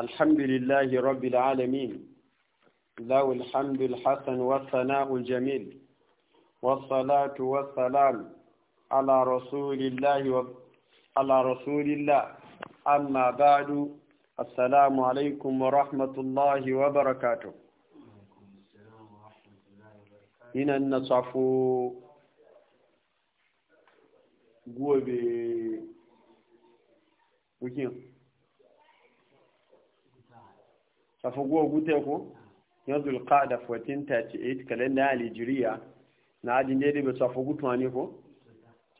الحمد لله رب العالمين له الحمد الحسن والثناء الجميل والصلاة والسلام على رسول الله و... على رسول الله أما بعد السلام عليكم ورحمة الله وبركاته هنا النصف gobe wikin kafaguwa gute ko yanzu alƙada 1438 kalenda alijiriya na ajin daidai bai gutuwa ne ko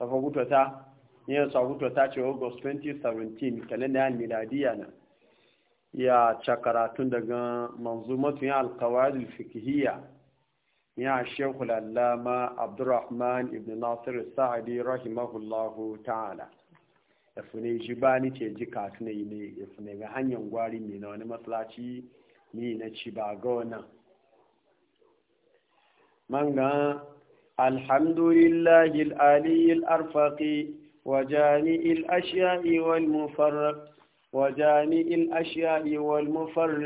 gutuwa ta yin safagutuwa ta ce august 2017 kalenda miladiya na ya cakaratun daga matu ya alkawadul fikihiyya ya shekul allama abdurrahman ibn nasir sa'adi rahimahullahu ta'ala da fune shi ba ni ce ji ne ne ya fune ga hanyar gwari mai na wani matsalaci ni na ci ba ga wannan alhamdulillah ga alhamdulillahi al'aliyi arfaqi wa jami'il ashiya'i wal mufarraq wa wal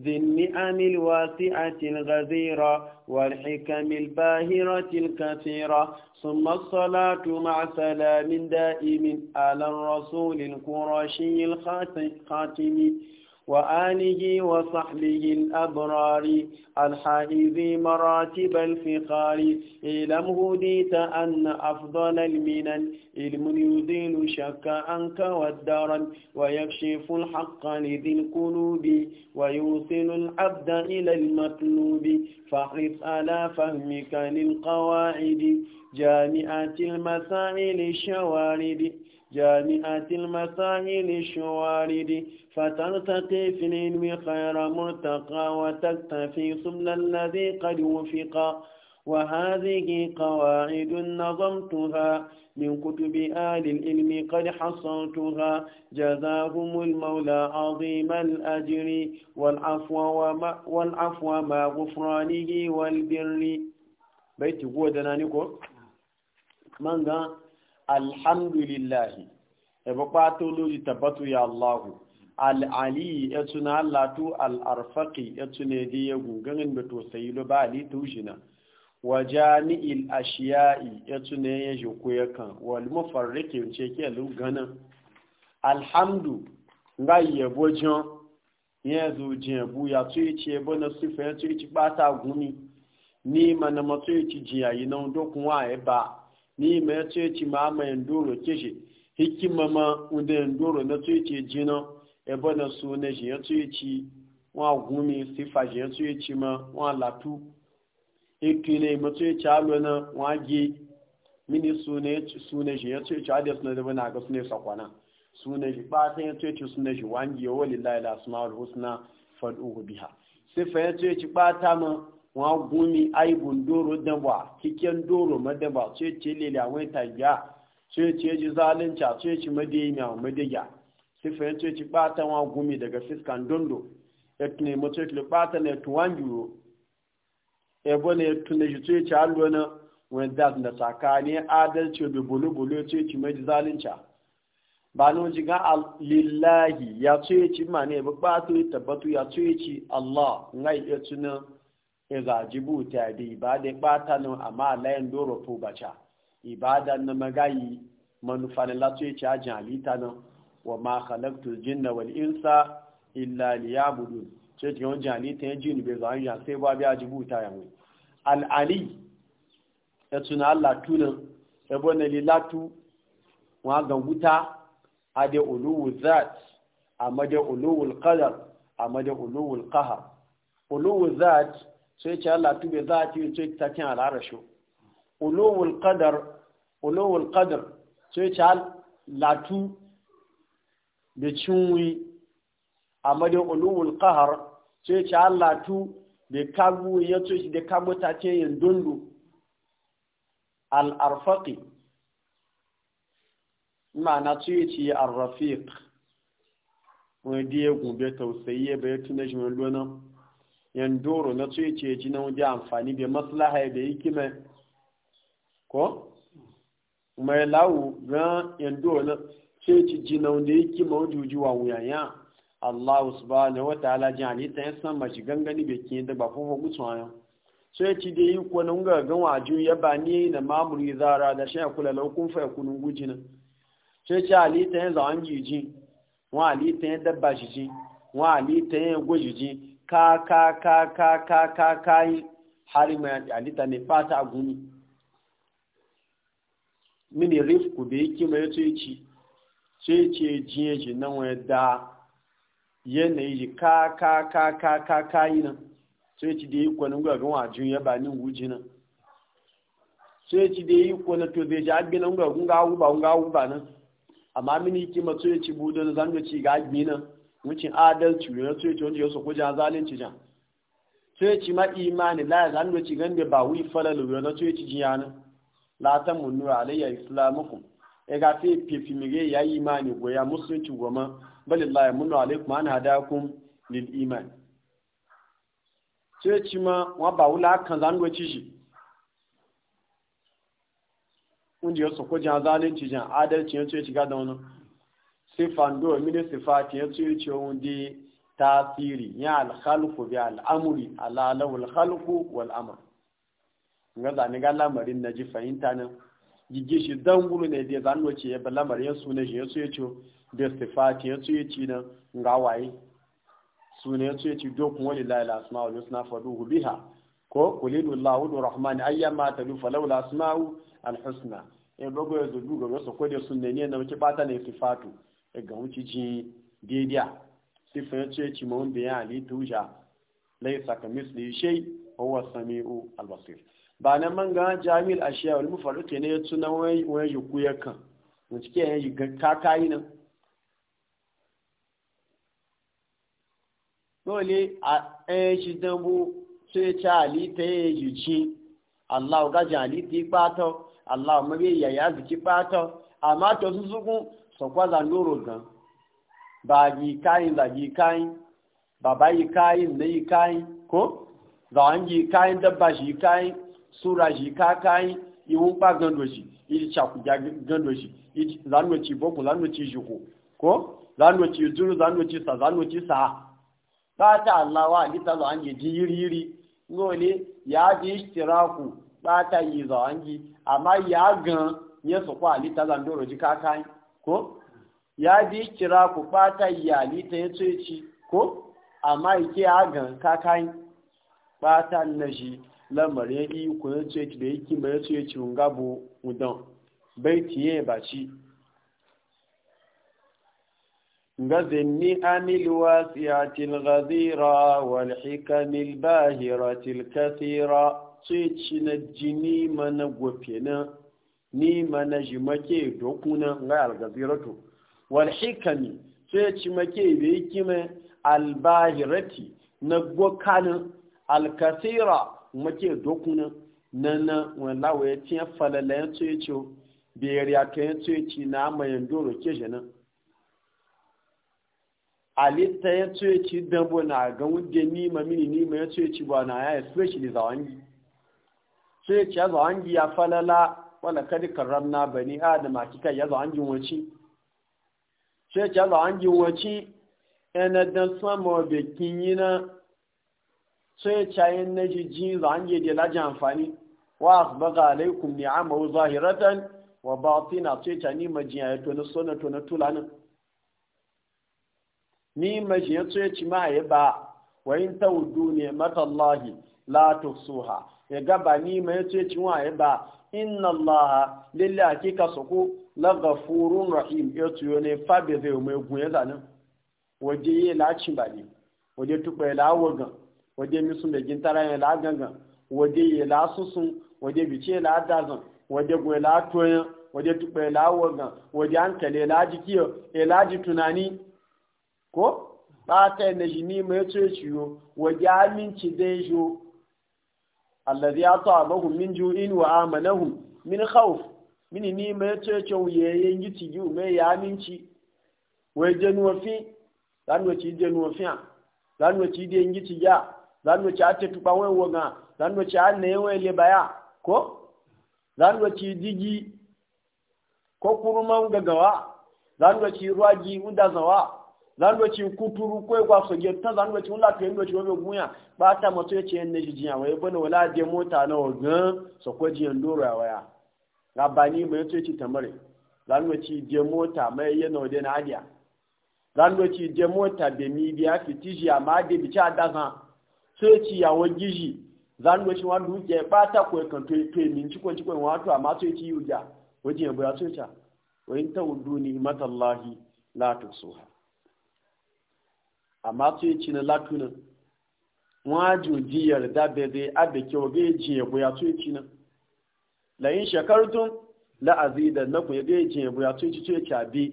ذي النعم الواسعة الغزيرة والحكم الباهرة الكثيرة ثم الصلاة مع سلام دائم على الرسول القرشي الخاتم وآله وصحبه الأبرار الحائز مراتب الفقار إلم هديت أن أفضل المنن علم يزيل شك عنك والدرا ويكشف الحق لذي القلوب ويوصل العبد إلى المطلوب فاحرص على فهمك للقواعد جامعة المسائل الشوارد جامعة المسائل الشوارد فترتقي في العلم خير مرتقى وتكتفي سبل الذي قد وفقا وهذه قواعد نظمتها من كتب آل العلم قد حصلتها جزاهم المولى عظيم الأجر والعفو وما, والعفو مع غفرانه والبر بيت قوة دنانيكو مانغا alhamdulillahi ebe kwato lori tabbatu ya allahu al'ali ya tuna latu al'arfaƙi ya ya gugarin beto sayi lo ba ali tushina wa jami'il ashiya'i ya tuna ya ji kuyakan wal mafarrike ce ke gana alhamdu ga yabo jan ya zo bu ya tuyi ce na sufe ya yi ci bata gumi ni mana yi ci yi na dokun wa eba ba ni mai ci ma ma mai doro shi hikima ma udin doro na tsoci jina ebe na e su na shi ya ci wa gumi sifa shi ya ci ma wa latu ikine e ma ci alo na wa gi mini su na shi ya tsoci adis na dabe na ga su ne sakwana su na shi ba ta ya ci su na shi wangi ya wali laila asma'ul husna fadu biha sifa ya tsoci ba ta ma wọn gumi aibun doro dabwa kiken doro madaba sai ce lele awon tagiya sai ce ji zalunca sai ce madiyya wa madiyya sifin sai ce bata wọn gumi daga fiskan dondo ya tune mace ce bata na tuwan biyu ebo na ya tune shi sai ce hallo na wani da na tsakani adalci da bulu-bulu sai ce mai zalunca ba na wajen ga lillahi ya ce ce ma ne ba ba su tabbatu ya ce ce allah ngai ya tunan iza jibu ta bi ibada bata nan amma layin doro to bacha ibada na magayi manufa na latu ce ajin halita nan wa ma khalaqtul jinna wal insa illa liyabudun ce ji wajen ta ya jini bai zan yan sai ba biya jibu ta yan al'ali ya tuna Allah tunan ya bane lilatu wa ga wuta ade uluwu zat amma da uluwul kadar amma da uluwul kahar uluwu zat sai ce Allah tube za a cikin sai ta kin al'arashu ulowul qadar ulowul qadar sai ce latu da cinwi a dai ulowul qahar sai ce latu da kagu ya ce da kagu ta ce yin dundu al'arfaqi ma'ana ce ce arrafiq wani diya gube tausayi ya bayar tunan shi wani yandoro na tsoye ji na wajen amfani bai maslaha ya bai hikima ko mai lawu ran yandoro na tsoye ji na wajen hikima wajen wa wuyanya wa ta'ala a halitta ya san mashi gangani bai kiyin da ba fufu gutsuwa sai ci da yi kuwa gan ya ba ni na mamuri zara da shi kula laukun fa ya zawon jiji wa ya dabba ji ka ka ka ka ka ka ka yi hari mai alita ne fata a gumi mini rifku da yake mai yato ci sai ce jiye ji nan wani da yanayi ji ka ka ka ka ka ka yi nan sai ci da yi kwanin gwagon wajen ya ba ni wuji nan sai ci da yi kwanin to zai ji agbi nan gwagwan gawu ba ga wuba nan amma mini kima sai ci budu na zanga ga agbi nan mucin adalci ne sai ce wanda yaso kuja zalunci jan sai ci ma imani la zan do ci gande ba wi falalu ne sai ci jiyana la ta munnu alayya islamukum e ga fi pipi mige ya imani go ya musulunci goma balillahi munnu alaykum an hadakum lil iman sai ci ma wa ba wula kan zan do ci shi wanda yaso kuja zalunci jan adalci ne sai ci ga da wannan sifan do mini sifati ya tsuyi ce wundi tasiri ya alhalku bi al'amuri ala halku wal amur ga ni ga lamarin na ji fahimta nan gigi shi dan gulu ne da zan wace ya lamarin su ne shi ya tsuyi ce da sifati ya tsuyi ci nan ga waye su ne ya tsuyi ci dokun wani lalala asma'ul husna faduhu biha ko kulilullahu du rahman ayyama tadu falawla asma'u al husna e bogo ya zubu ga wasu kodin sunne ne na wuce bata ne sifatu ga wuce ci daidai sifin ya ce ci mawun biyan halittu wuja lai saka misli shai wa sami'u albasir ba na man ga jami'il a shiya wani ke ne ya tuna wani yi ya kan wacce ke yanyi kakayi nan dole a ɗaya shi dambu sai ci halitta ta yi ci allahu gajin halitta ya ɓata allahu mage yaya ziki ɓata amma to su zukun sọ̀kwázà lóró gan bàá yìí káyìn là yìí káyìn bàbá yìí káyìn lè yìí shi, kó zàwọn yìí káyìn dábà yìí káyìn súra yìí ká káyìn ìwọ́n pa gandò sí ìdí ci gandò sí ìdí lánàá tí bọ́kù lánàá tí yòkó kó lánàá tí dúró lánàá tí sà lánàá tí sà bàtà aláwa yi zàwọn yìí di yírí yírí ngóòlì yàá di ìṣiráàkù yi, yìí zàwọn yi àmà yàá gan yẹn sọ̀kọ́ àdìta zàwọn dòrò jí ka káyìn. ko ya bi kira ku fata yali ta ya ce ci ko amma yake a gan kakayi fata na shi lamarin yi ku ya ci da ya kima ya ce ci wunga bu wudan bai tiye ba wasu ya til gazira wani hikamil bahira til kasira ce ci na jini mana gwafi na ni mana shi make dokuna ga algaziratu wal hikami sai ci make be kime albahirati na gokana alkasira make dokuna nan wala waye tiya falala ya ce ce biyar ya kai ce ci na mayan doro ke jana ta ya ce ci dambo na ga wudde ni ma mini ni ma ya ce ci ba na ya especially zawangi sai ci zawangi ya falala wala kadi karamna bani adama kika ya zo an jin wace ce ya zo an jin wace ene dan samo be kinyina sai cayin na jiji za an yi dela ji amfani wa asbaga alaikum ni'amahu zahiratan wa batina sai ce ni majiya ya tona sona tona tulana ni majiya sai ci ma ya ba wa in tawdu ni'matallahi la tusuha ya gaba ni mai sai ci wa ya ba inna allaha lillahi hakika suku la ghafurun rahim ya tuyo ne fabe zai mai gunye zanen waje yi lacin bali waje tukwai lawagan waje misun da gintara ya lagangan waje yi lasusun waje bice ladazan waje gunye latoyan waje tukwai lawagan waje hankali laji kiyo e laji tunani ko ba ta yi na jini mai ciyo waje aminci dai jo alladhi at'amahum min ju'in wa amanahum min khawf Min ni ma cece yeye yiti ju me ya minci we jenu ofi dan we ci jenu ofi dan we ci de yiti ya dan we ci ate tupa we wonga dan we ci anne we le baya ko dan we ci digi ko kuruma ngagawa dan we ci ruwaji zawa? zandoci kuturu ko kwa so ge ta zandoci wala ke ndoci wo gunya ba ta mato yace ne jijiya waye bana wala de mota na ogan so ko ji ndoro ya waya rabani mai yace ci tamare zandoci de mota mai yana wade na adiya zandoci de mota be mi biya fitiji amma de bi cha da kan so ci ya wo giji zandoci wa duje ba ta ko kan to to min ci ko ci ko wato amma so ci yuja wajin ya buya so ta wa in ta uduni matallahi la tusuha amma tu yi cini latunan wajo ji yarda da zai abe kyau ga ji ya buya su yi cina layin shekartun la'azi da na ya ga ji ya buya su yi ci a bi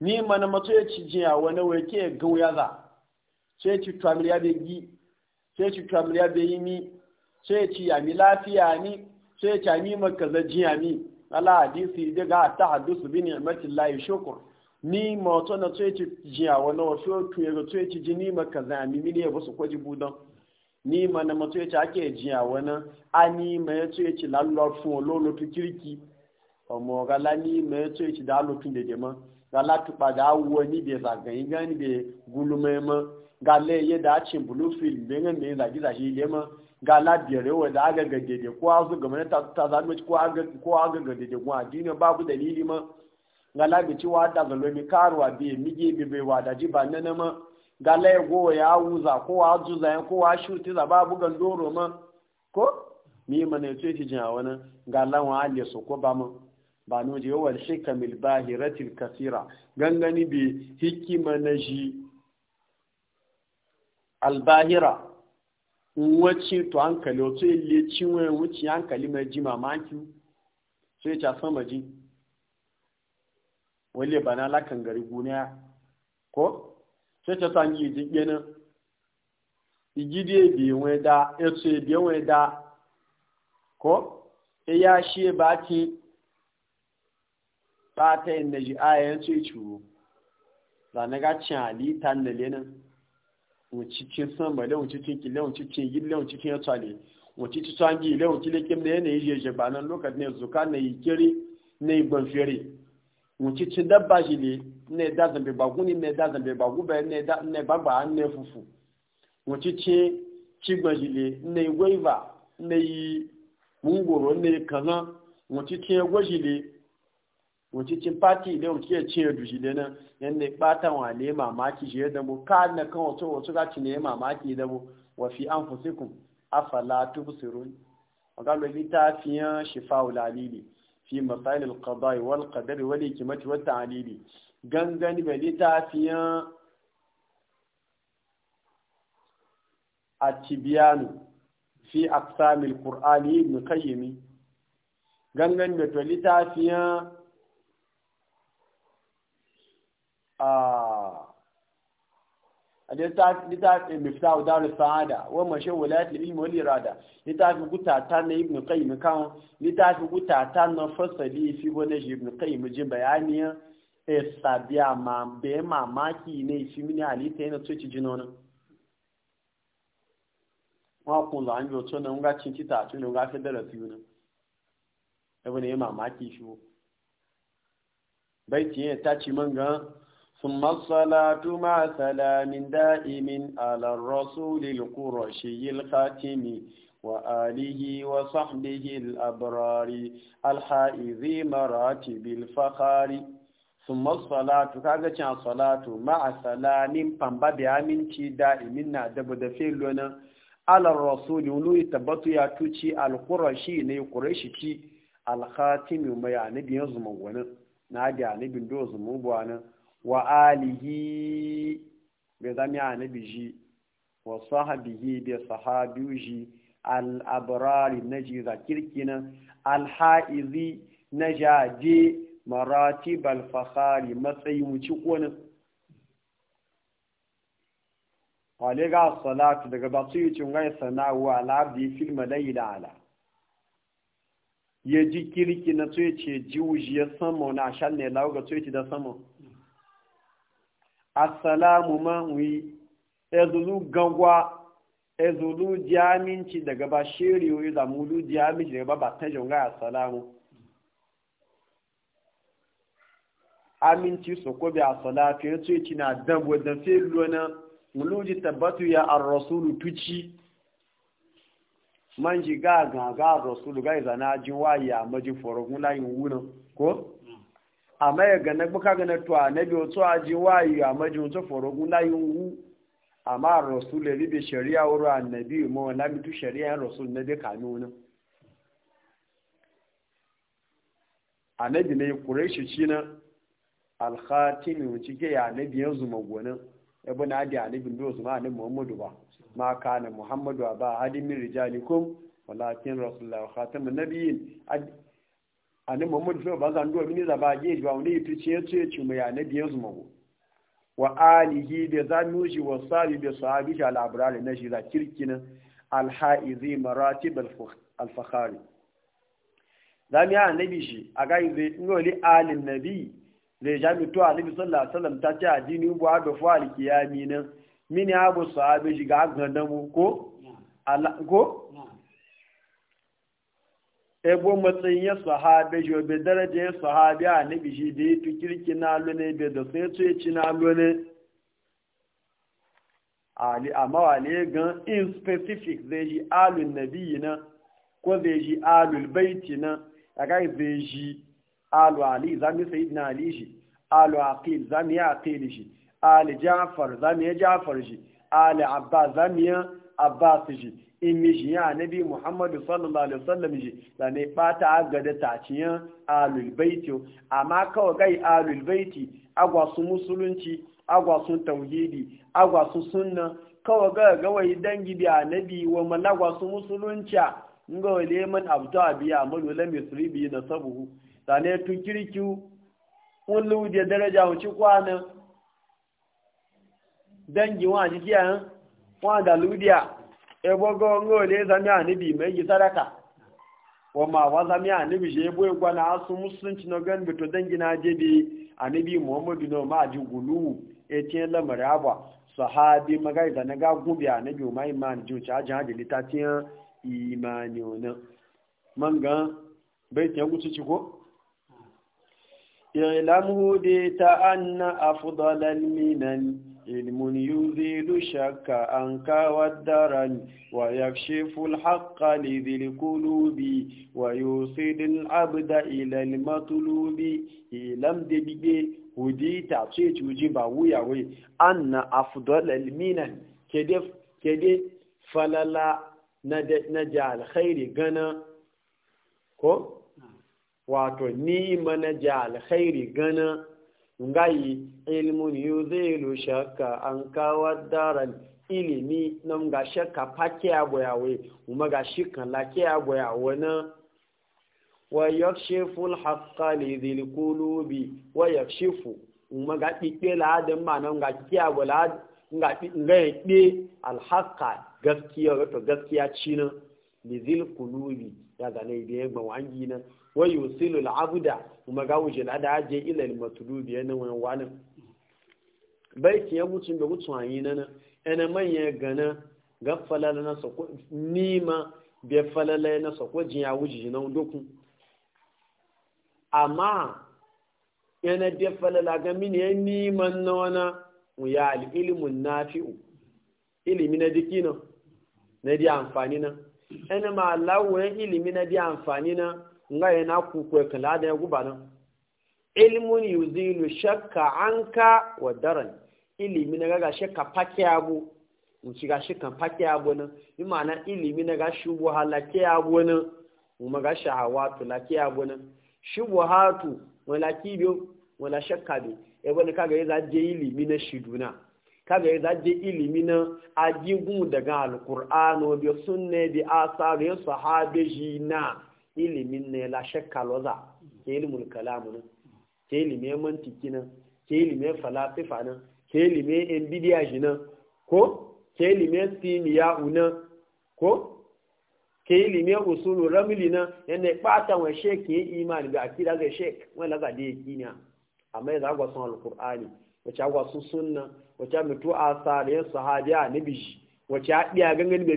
ni mana matu ya ci jiya wani wai ke gauya za ce ci tamiliya bai gi ce ci tamiliya bai yi mi ce ci mi lafiya ni ce ci mi makaza jiya mi ala hadisi daga ta hadisu bi layi shukr ni ma wato na tsoye ci a wani wasu tuye ga tsoye ci ji ni ma ka zami mini ya basu kwaji budan ni ma na mato ya ci ji a wani a ni ma ya tsoye ci lalurar fun ololotu kirki ọmọ gala ni ma ya tsoye ci da alotun da jema gala tupa da awuwa ni bai yi gani bai guluma ma gala ya da cin bluefield bai gan da ya zagi zagi ile ma gala biyar yawa da aga gadede ko azu gama ta zama ko aga gadede kuma addini babu dalili ma gala bi wa wada zalo mi karuwa bi mi ge bi wada ji ba na gala ya wuza ko wa zuza ko wa shuti za ba bugan doro ma ko mi mana yace ti jin wani gala wa alle ko ba ma ba no je wal hikamil bahiratil kasira gangani bi hikima na ji albahira wacce to hankali to ile ciwon wuce hankali mai ji mamaki sai ta sama ji wale bana lakan gari guniya ko ce ta ngi ji gena igide bi we da etu bi we da ko e ya shi ba ti ba ta inda ji ayan su chu da na ga cin ali tan da lenin mu cikin san ba lewu cikin ki lewu cikin yi lewu cikin ya tsale mu ci tsangi lewu cikin kim da yanayi je je ba nan lokacin ne zuka ne yi kiri ne ban fere mucici dabba shi ne ne da zambe bagu ne ne da zambe bagu ba ne da ne bagba ne fufu mucici cigba shi ne ne waiva ne yi mungoro ne kaza mucici egwa shi ne mucici pati ne mucici ya ce yadu shi ne nan yan ne wa ne mamaki shi ya dabo ka na kan wato wato ka ci ne mamaki dabo wa fi an afala tubsirun wa ga lo litafiyan shifa'ul alili fi masalil qada'i wal qadari wal hikmati wat ta'lili gangan be litafiyan atibyan fi aqsamil qur'ani ibn qayyim gangan be litafiyan a ah, littafin mifta darus sa'ada wa mashe wulayat ilmi wal irada littafin ta na ibn qayyim kan littafin ta na fasali fi wani ibn qayyim jin bayaniya e eh, sabiya ma be mamaki ne shi mini alita yana so ci jinona wa kun la an yo to na nga cin ci ta tun nga fe darasi yuna e bane mamaki shi bai tiye ta ci manga ثم الصلاة مع سلام دائم على الرسول القرشي الخاتم وآله وصحبه الأبرار الحائذ مراتب الفخار ثم الصلاة كاغتشا صلاة مع سلام بامبا بامين تي دائمين دبو دفيلونا على الرسول ولو يتبطو يا توشي القرشي ني قرشي تي الخاتم ما يعني بيزمو ونا نادي يعني بندوزمو بوانا wa alihi bai zami anabi ji. wa sahabihi bi sahabiyu ji al'abrari na ji zakirki nan alha'izi na jaje marati balfahari matsayi wuci konin kwalega salatu daga basu yi cin gai sana'uwa al'abdi filma da ala ya ji kirki na tsoye ce wuji ya samu na shan ne lauga tsoye da samu assalamu manwi ezulu gangwa ezulu jaminci daga ba shiri yoyi da mulu jaminci daga ba ba ta jonga assalamu aminci su ko bi assalatu ya ce na dabo da filo na muluji tabbatu ya ar-rasulu tuci man ji ga ga ga rasulu ga izana jin waye a majin forogun layin wunan ko amma ya gane buka gane to annabi wato aji wayi a maji wato forogu la yungu amma rasu le bi shari'a wuro annabi mo ma bi shari'a shari'a rasu na bi kanuna annabi ne quraishi shi na khatim wuce ke ya annabi yanzu magona na adi annabi biyu zuma annabi muhammadu ba ma kana muhammadu ba hadimin rijalikum walakin rasulullah khatamun nabiyyin ani muhammadu fi ba zan mini za ba ge ba wani fi ce ce ci mu ya nabi yanzu mago wa alihi da mu shi wa sabi da sahabi shi al'abirari na shi za kirkinin alha'izi maratib alfahari mu ya nabi shi a gaghi zai inoli alin nabi zai jami to a nabi sallallahu alaihi ta ce addini bu ha da fu alkiyami na mini abu sabi shi ga gandamu ko ko ebo matsayin ya sahabe jo be daraja ya sahabe a nabi shi da ya kirki na lune be da sai ce ci na lune ali amma wale gan in specific zai ji alun nabi na ko zai ji alul baiti na daga zai ji alu ali zami na ali shi alu aqil zami ya aqil shi ali ja'far zami ya ja'far shi ali abba zami ya abba shi imishi ya nabi muhammadu sallallahu alaihi wasallam ji da ne bata ga da taciyan alul amma kawai gai alul agwa musulunci agwa su tauhidi agwa su sunna kawai ga gawai dangi bi nabi wa malagwa musulunci nga wale man abdu abiya amalu lam bi nasabuhu da ne tu kirkiu wallu da daraja wuci kwana dangi wa jikiya wa da ludiya ebogo ngole zami anibi mai yi saraka wa ma wa zami anibi je boye na asu musulunci no gan bito dangi na je bi anibi muhammadu no ma ji gulu e tiye lamari abwa sahabi magai da naga gubi anibi o mai man ju cha ja je litatiya imani ona manga bai tiya gutu ci ko ilamu de ta anna afdalal minan علم يزيل الشك أنك والدرن ويكشف الحق لذي القلوب ويوصل العبد إلى المطلوب لم دبيبي ودي تعطيت وجيبا ويا وي أن أفضل المنن كدف كده فللا نجعل خير غنى ko wato ni mana jal khairi gana ngayi ilmun yuzilu shakka an kawar daren ilimi nan ga shakka fake ya goyawe kuma ga shi kan lake ya goyawe na wa yakshifu alhaqqa li dhil qulubi wa yakshifu kuma ga pipe la de ma nan ga kiya gola nga nga yake alhaqqa gaskiya to gaskiya cinan li dhil qulubi ya zane biye gbanwangi nan wa yusilu al'abuda kuma ga wuce da da aje ila al-matlubi yana wani wani bai ki yabu cin da gutsu yi nan ana manya gana ga gafala na sako nima be falala na sako jin ya wuce na doku amma yana be falala ga mini ya niman na wana ya al-ilmun nafi'u ilimi na diki na na di amfani na ana ma lawo ilimi na di amfani na nga yana ku kala da ya guba nan ilmun yuzilu shakka anka wa daran ilimi na ga shakka fake abu mu ci ga shakka fake abu nan imana ilimi na ga shubu halake abu nan mu ga shahawatu lake abu nan shubu hatu wala kibiyo wala shakka bi e wani kaga yaza je ilimi na shiduna kaga yaza je ilimi na ajigun daga alqur'ano bi sunne bi asar sahabe na ilimin ne la shakka loza ke ilimin kalamu nan ke ilimin mantiki nan ke ilimin falasifa nan ke ilimin shi nan ko ke ilimin simiya ko ke ilimin usulu ramili nan ɓata wa shek ya imani ga akida ga shek wani laga da ya amma sun alkur'ani wacce agwa sun sunna wace mutu a sa da yan sahabiya na bishi a ɗiya gangan da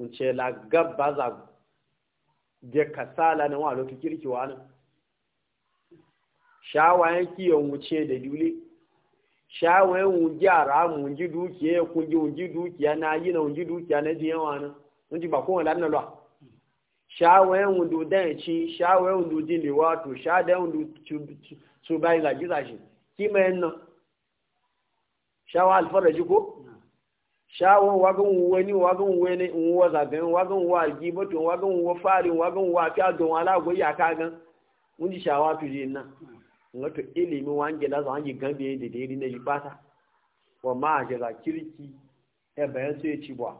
nce la gaba za je kasala na wa lokaci kirkiwa wa nan shawayen kiyon wuce da dule shawayen wuji a ramu wuji dukiya ya kunji wuji dukiya na yi na wuji dukiya na jiyan wa nan wuji ba kowane lannan lwa shawayen wundu dan ci shawayen wundu din lewa to shawayen wundu su bayan gaji zashi kima yin nan shawa alfaraji ko shawon wagon wani wagon wani in wa zagan wagon wa gibato wagon wa farin wagon wa fiya don ala go ya ka mun ji shawa tu je nan ngato ilimi wange la za wange gambe de de ne wa ma je la kirki e bayan sai ci bwa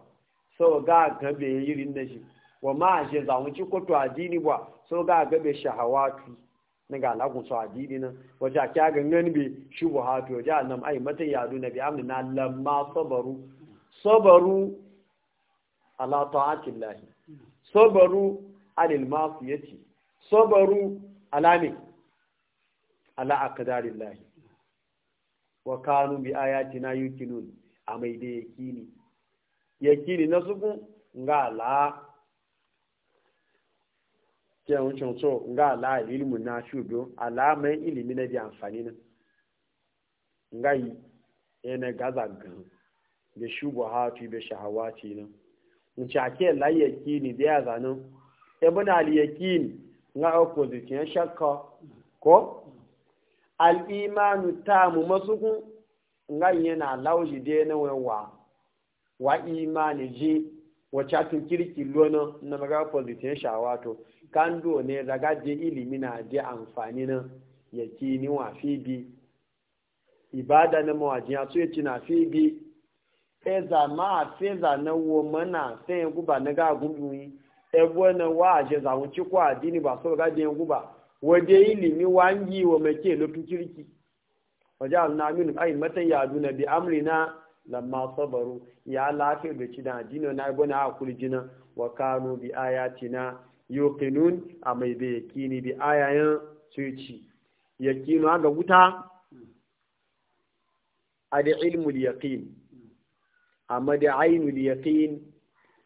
so ga gambe yiri ne wa ma je za adini bwa so ga gambe shahawatu ga adini kya shubuhatu ai mata yadu na amna lamma sabaru sọ́bọ̀rú ala ta'atin lahi sabaru alil mafiyati sabaru ala ne ala aqdarin lahi wa kanu bi a yuqinun amai da yakini yakini na suku nga ala ke wucin so nga ala ilmu na shugo ilimi na na gaza gan da shubuhatu be shahawati nan Nchake ake layyaki ne da ya zanen ibn e al-yaqin na opposite yan shakka ko al-imanu tamu masuku ngan yana lauji de na wewa wa imani ji wace atin kirki lona na maga opposite yan kando ne daga je ilimi na je amfani na yaqini wa fi bi ibada na mawajin ya so yace na fi bi feza ma feza na wo mana sai guba na ga gubi ebo na wa je za wuci ko adini ba so ga de guba waje ilimi wangi wa make lokin kirki waje alna min ai matan ya duna bi amrina lamma sabaru ya lafiya da ci da adini na gona a kuljina wa kanu bi ayatina yuqinun a mai da yakini bi ayayen suci yakinu ga wuta a da ilmul yaqin amadi da ainul yaqin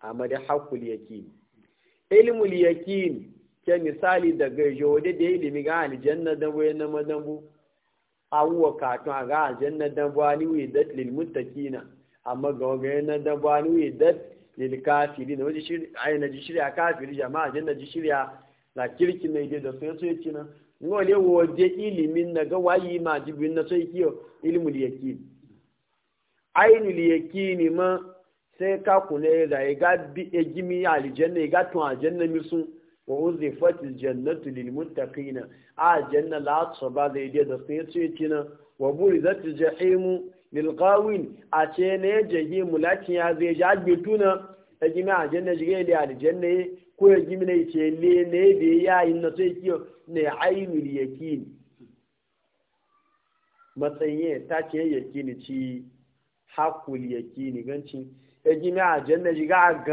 amma haqqul yaqin ilmul yaqin ke misali daga jode da ilimi ga aljanna da waye na madambu awwa ka to ga aljanna da bani wi dat lil muttaqina amma ga ga na da bani wi dat lil kafirin waje shiri na ji shiri kafiri jama'a janna ji shirya la kirki ne da sai sai kina ngole wo je ilimin na ga wayi ma jibin na sai kiyo ilmul yaqin ainul yakini ma sai ka kune da ya ga bi a e gimi aljanna ya ga tun aljanna mi sun wa uzifatil jannatu lil muttaqina a janna la tsaba zai ide da sai ce kina wa burizatil jahimu lil qawin a ce ne jahimu lati ya zai ja gituna ya e gimi aljanna jige da aljanna ko ya e ne ce le ne da ya yi na sai kiyo ne ainul yakini matsayin ta ce yakini ci hakul yakini gancin ejimi aljanna jiga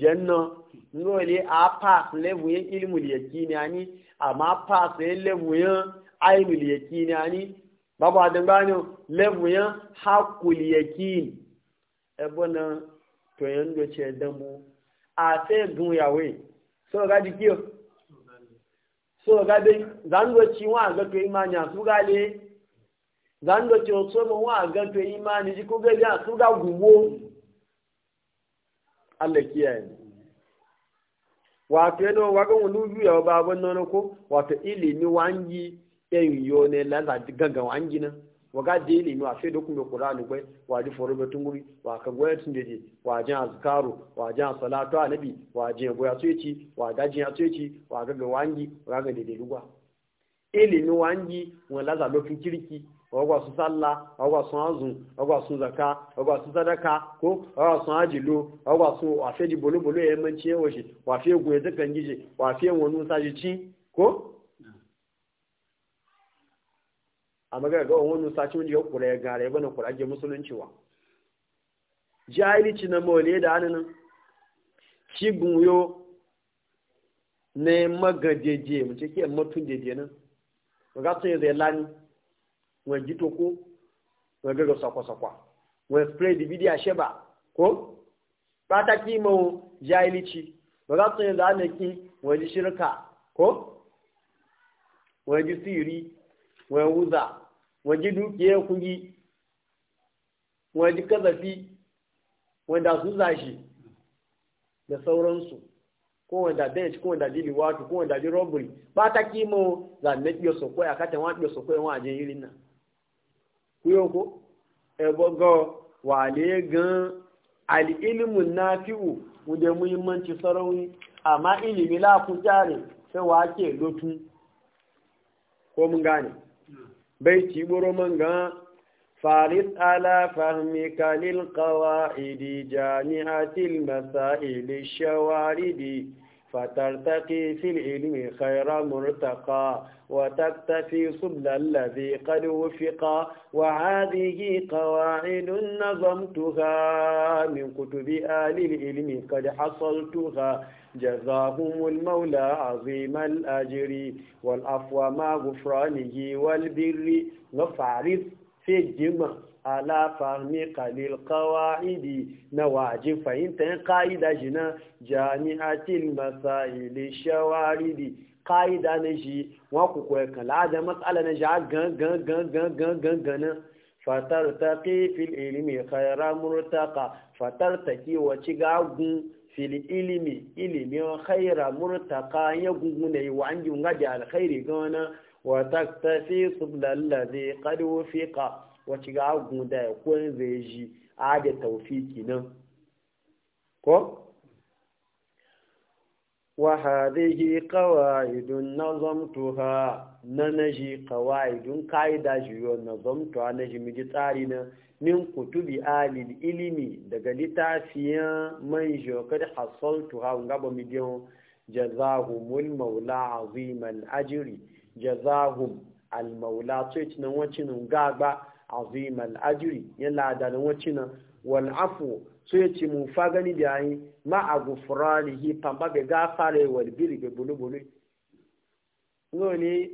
janna no le a pass level yin ilmul yakini ani amma pass yin level yin aimul yakini ani babu adan gano level yin hakul yakini bona to yan do ce damu a te gun yawe so ga di dikiyo so ga de zango wa ga to imanya su ga le zando ti o so wa gan to imani ji ko ge ya tu ga guwo alle kiyaye wato yano wagon wani biyu yawa ba nono ko wato ilimi wangi yayin yo ne laza gangan wangi nan waga je ilimi wa sai da kuma qur'ani bai wa ji foro batun tunguri wa ka goya tun deje wa jin azkaru wa jin salatu alabi wa jin goya tuci wa ga jin tuci wa ga ga wangi wa ga dede lugwa ilimi wangi wala laza lokin kirki ọgbà sun salla ọgbà sun azun ọgbà sun zaka ọgbà sun sadaka ko ọgbà sun ajilo ọgbà sun wàfẹ́ di bolobolo ya manci yawon shi wàfẹ́ egun ẹ̀dẹ́kan gíje wàfẹ́ wọnú sáyé ci ko a magana ga wọnú sáyé wani ya kura ya gara ya bane kura ake musulunci wa jahilici na mawale da hannun shi gunyo na magajeje mace ke matun jeje nan ga sun yi zai lani wọ́n jí tó kó wọ́n gẹ́gẹ́ sọ̀kọ̀sọ̀kọ̀ wọ́n spray the video àṣẹ́bà kó pátákì mọ́ wọn já ilé wọ́n ká tún yẹn dáná wọ́n jí ṣírkà kó wọ́n jí sírí wọ́n wúzà wọ́n jí dúkìá kúnjí wọ́n jí kazafi wọ́n da su zashi da sauransu kowane da bench kowane da dili wato kowane da ji robbery ba ta kimo zanen biyo sokwai a katon wa biyo sokwai wa ajiyar irin nan kuyoko wà wale gan al'ilimin nafi'u wuje muhimmanci sarauni amma ilimi lafun jari sai wake lotu ko hmm. bai ti mọ́ gan faris ala fahmi kalil kawa'idi jami'atil masa'ili فترتقي في العلم خير مرتقى وتكتفي سبل الذي قد وفقا وهذه قواعد نظمتها من كتب آل العلم قد حصلتها جزاهم المولى عظيم الأجر والأفوى مع غفرانه والبر وفعرف في الجمع ala fahmi qalil qawaidi na wajin fahimtar ka'ida shi na jami'atil masaili shawaridi ka'ida na shi wa ku koyar kala da matsala na shi gan gan gan gan gan gan gan fatar ta fil ilimi khaira murtaka fatar ta ki wace gagun fil ilimi ilimi khaira murtaka ya gungun ne wa an ji da alkhairi gana wa taktafi sublallazi qad wacce ga abu da ya kuwan zai ji a da taufiki nan ko? wahadihi kawaidun na zamto ha na na shi kawaidun ka'ida shi yiwuwa na zamto ha na shi tsari na min kutubi alil ilimi daga littafiyan man shokar hasaltu ha gaba miliyan jazahumul maula azimal ajiri jazahu almaula maula tsohon cinan wacinan gaba azim al'ajiri ya lada da wacina wal'afu so ya ce mun fa gani da yayi ma a gufuranihi famba bai gafare wal biri bai bulubulu no ne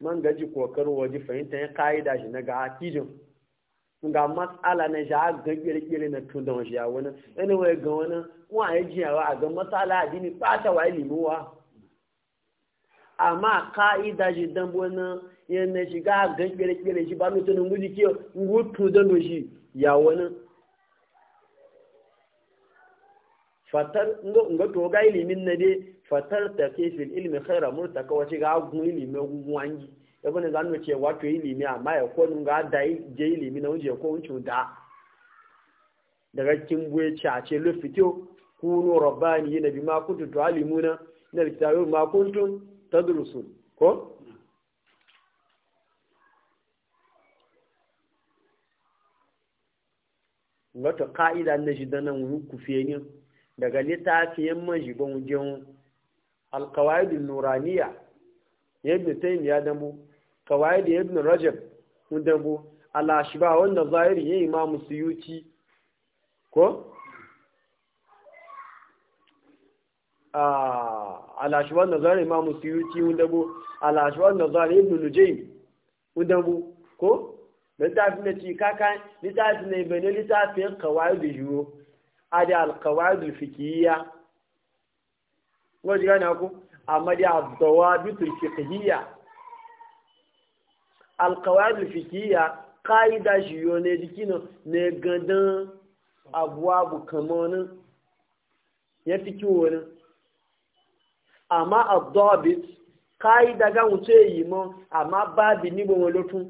man gaji kokar waje fahimta ya ka'ida shi na ga hakijin ga matsala na shi a ga kirkiri na tun da wani shi a wani anyway ga wani wa ya jiyawa a ga matsala a dini ɓata wa limuwa amma ka'ida shi dan wani yana shiga gan kere-kere shi ba nutsu tunan guji ke wutu don da shi ya wani fatar ga toga ilimin na dai fatar ta ke fil ilimi khaira kawai shi ga agun ilimin agun wangi ya bane zanu ce wato ilimi amma ya ko ga da je ilimi na wuce ko wuce da daga kin buye ce a ce lu fito kunu rabbani yana bima kuntu tu'alimuna na kitabu ma kuntun. tadrusun ko wata ka'ida na shi dana wani fiye daga littafiyan maji ban wujen alkawaidin nuraniya ta tayyib ya dambo yadda na rajab mun dambo ala ba wanda zahiri ya yi imamu suyuti ko ah, alashwar nazar imam suyuti wundabo alashwar nazar ibn nujaym wundabo ko littafin da ci kaka littafin ne bai ne littafin kawai da juro adi alkawai da fikiyya wajiga na ku amma da abdawa bitul fikiyya alkawai da fikiyya qaida juro ne dikino ne gandan abuwa bu kamanin ya fi kiwo amma abdobit kayi daga wuce yi mo amma babi ni gbogbo lotun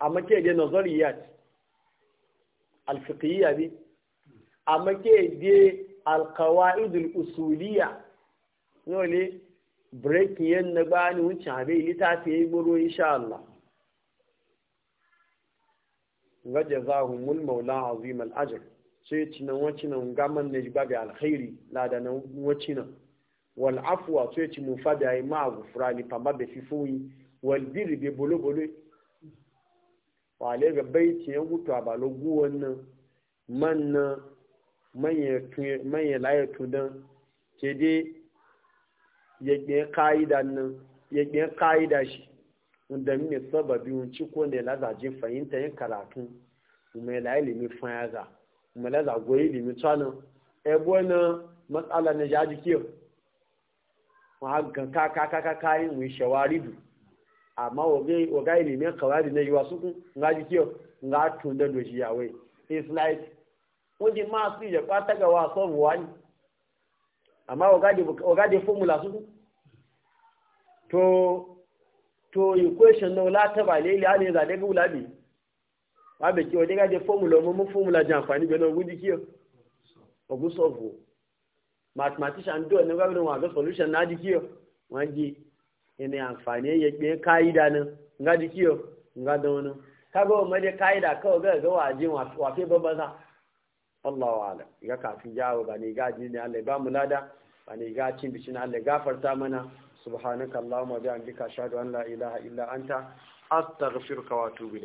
amma ke je nazariyat alfiqiyya bi amma ke je alqawaid alusuliyya nole break yen na bani wuce abe litafi yi gboro insha Allah ga jazahumul maula azim al ajr sai cinan wacinan gaman ne ba bi alkhairi lada na wacinan wal afwa sai ya cinan fa yi ma gufrani fama be fifoyi wal bir bi bolo bolo le ga bai ci ya hutu a balogu wannan man man ya laye tudan ke dai yagbe ka'ida nan yagbe ka'ida shi wanda mini sababi wunci ko ne lazajin fahimta yin karatu mai la ilimin fayaza malaza goyi limi tsanin ebo na e matsala na jaji kiyo mu haggan kaka kaka kayan mu shawaridu amma waga limi kawari na yiwa suku nga ji kiyo nga tun da doji ya wai it's like wani ma su yi jakwa ta ga waso wani amma waga da formula suku to to equation na wula ta ba lele ne zade ga wula biyu abe kí ọdẹ gájẹ mo ọmọ mú fọ́mùlà jẹ be no ọgbọ́n di o ọ so vo mathematician ne ga be no wa àgbẹ̀ solution na di ki o wa di ẹni àǹfààní ye gbe kaida na nga di kí ọ nga dán náà kábọ̀ ọmọdé káyidà ga ọgbẹ́ ẹ̀gẹ́ wàá wa wàá fẹ́ bọ́ sa allahu ala ka fi jawo ga ni ga jini allah ba mu lada ba ni ga cin bishin allah gafarta mana subhanaka allahumma bihamdika ashhadu an la ilaha illa anta astaghfiruka wa atubu